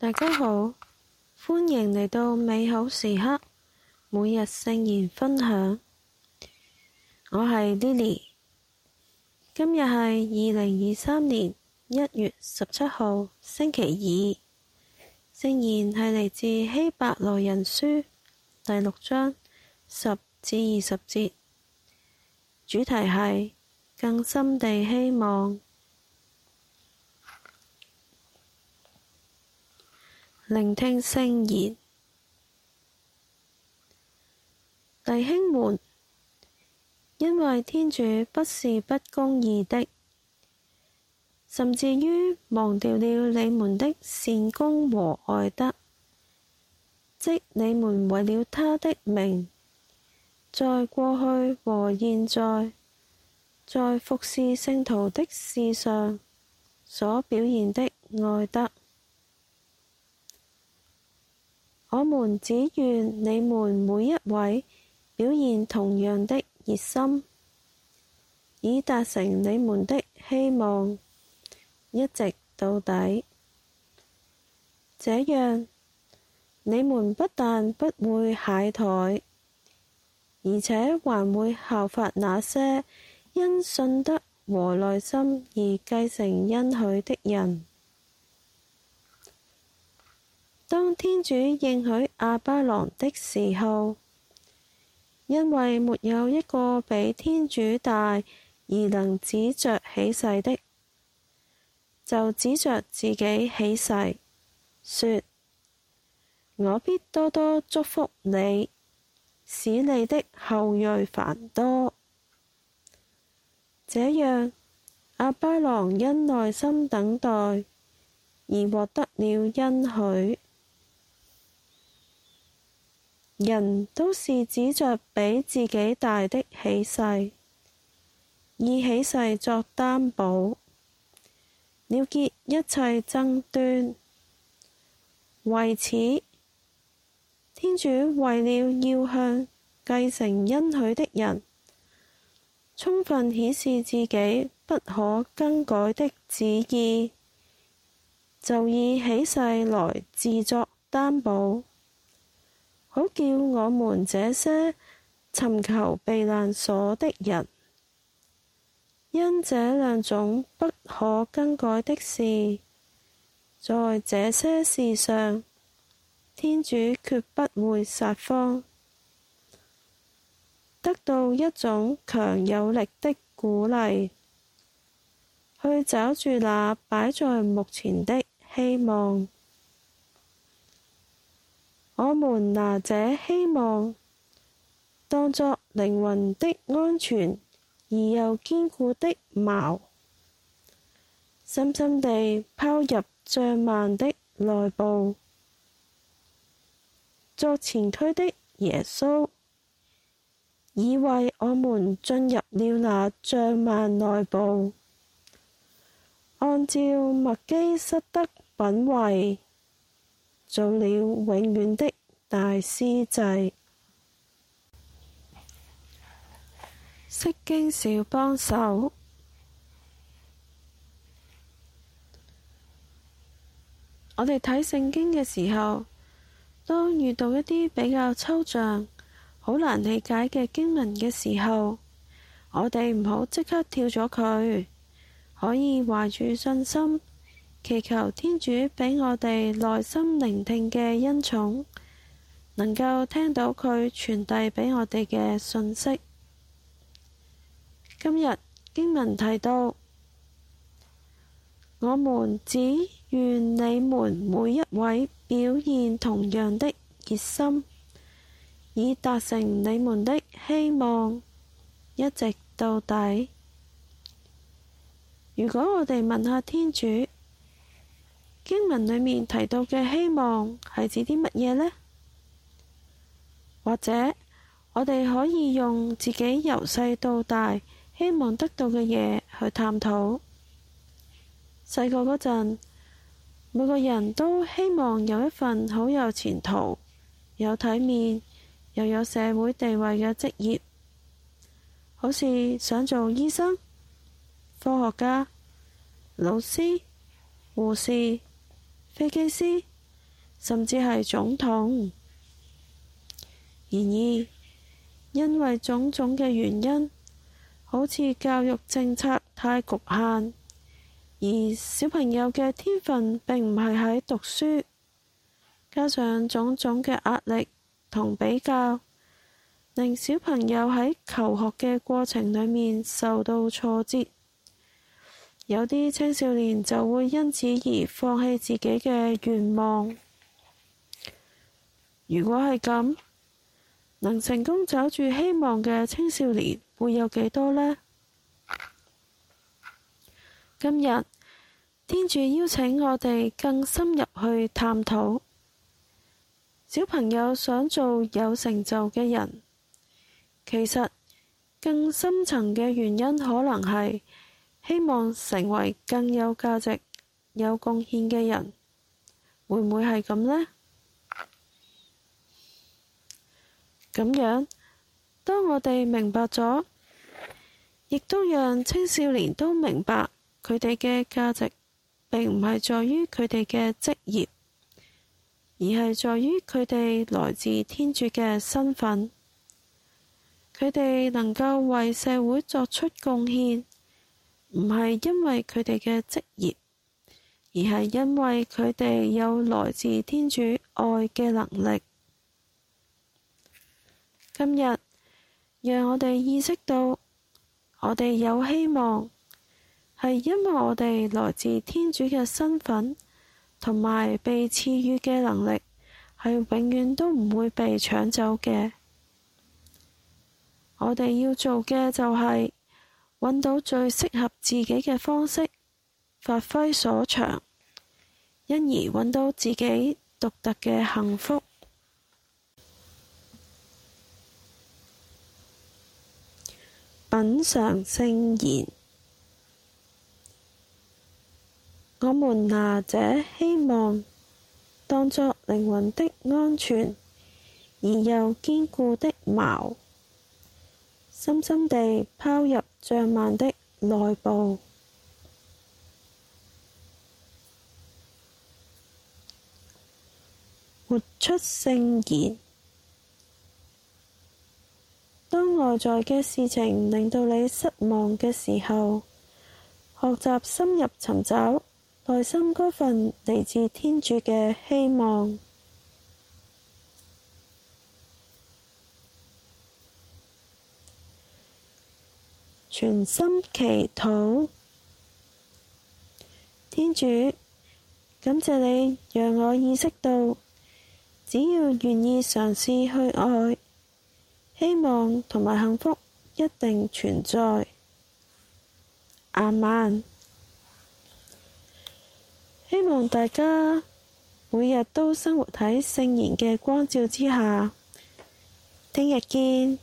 大家好，歡迎嚟到美好時刻每日聖言分享。我係 Lily，今日係二零二三年一月十七號星期二，聖言係嚟自希伯來人書第六章十至二十節，主題係更深地希望。聆聽聖言，弟兄們，因為天主不是不公義的，甚至於忘掉了你們的善工和愛德，即你們為了他的名，在過去和現在，在服事聖徒的事上所表現的愛德。我們只願你們每一位表現同樣的熱心，以達成你們的希望，一直到底。這樣，你們不但不會懈怠，而且還會效法那些因信德和耐心而繼承恩許的人。當天主應許亞巴郎的時候，因為沒有一個比天主大而能指著起誓的，就指著自己起誓，說：我必多多祝福你，使你的後裔繁多。這樣，亞巴郎因耐心等待而獲得了恩許。人都是指着比自己大的起誓，以起誓作擔保，了結一切爭端。為此，天主為了要向繼承恩許的人充分顯示自己不可更改的旨意，就以起誓來自作擔保。好叫我們這些尋求避難所的人，因這兩種不可更改的事，在這些事上，天主決不會撒謊，得到一種強有力的鼓勵，去抓住那擺在目前的希望。我們拿這希望，當作靈魂的安全而又堅固的錨，深深地拋入帳幔的內部。作前驅的耶穌已為我們進入了那帳幔內部，按照默基瑟德品位。做了永遠的大司祭，釋經小幫手。我哋睇聖經嘅時候，當遇到一啲比較抽象、好難理解嘅經文嘅時候，我哋唔好即刻跳咗佢，可以懷住信心。祈求天主畀我哋耐心聆聽嘅恩寵，能夠聽到佢傳遞畀我哋嘅訊息。今日經文提到，我們只願你們每一位表現同樣的熱心，以達成你們的希望，一直到底。如果我哋問下天主，經文裏面提到嘅希望係指啲乜嘢呢？或者我哋可以用自己由細到大希望得到嘅嘢去探討。細個嗰陣，每個人都希望有一份好有前途、有體面又有，有社會地位嘅職業，好似想做醫生、科學家、老師、護士。飛機師，甚至係總統。然而，因為種種嘅原因，好似教育政策太侷限，而小朋友嘅天分並唔係喺讀書，加上種種嘅壓力同比較，令小朋友喺求學嘅過程裏面受到挫折。有啲青少年就會因此而放棄自己嘅願望。如果係咁，能成功抓住希望嘅青少年會有幾多呢？今日天主邀請我哋更深入去探討，小朋友想做有成就嘅人，其實更深層嘅原因可能係。希望成為更有價值、有貢獻嘅人，會唔會係咁呢？咁樣，當我哋明白咗，亦都讓青少年都明白，佢哋嘅價值並唔係在於佢哋嘅職業，而係在於佢哋來自天主嘅身份。佢哋能夠為社會作出貢獻。唔係因為佢哋嘅職業，而係因為佢哋有來自天主愛嘅能力。今日讓我哋意識到，我哋有希望，係因為我哋來自天主嘅身份，同埋被賜予嘅能力，係永遠都唔會被搶走嘅。我哋要做嘅就係。揾到最適合自己嘅方式，發揮所長，因而揾到自己獨特嘅幸福。品嚐聖言，我們拿這希望當作靈魂的安全而又堅固的錨，深深地拋入。帳幔的內部。活出聖言。當外在嘅事情令到你失望嘅時候，學習深入尋找內心嗰份來自天主嘅希望。全心祈禱，天主，感謝你讓我意識到，只要願意嘗試去愛，希望同埋幸福一定存在。阿曼，希望大家每日都生活喺聖言嘅光照之下。聽日見。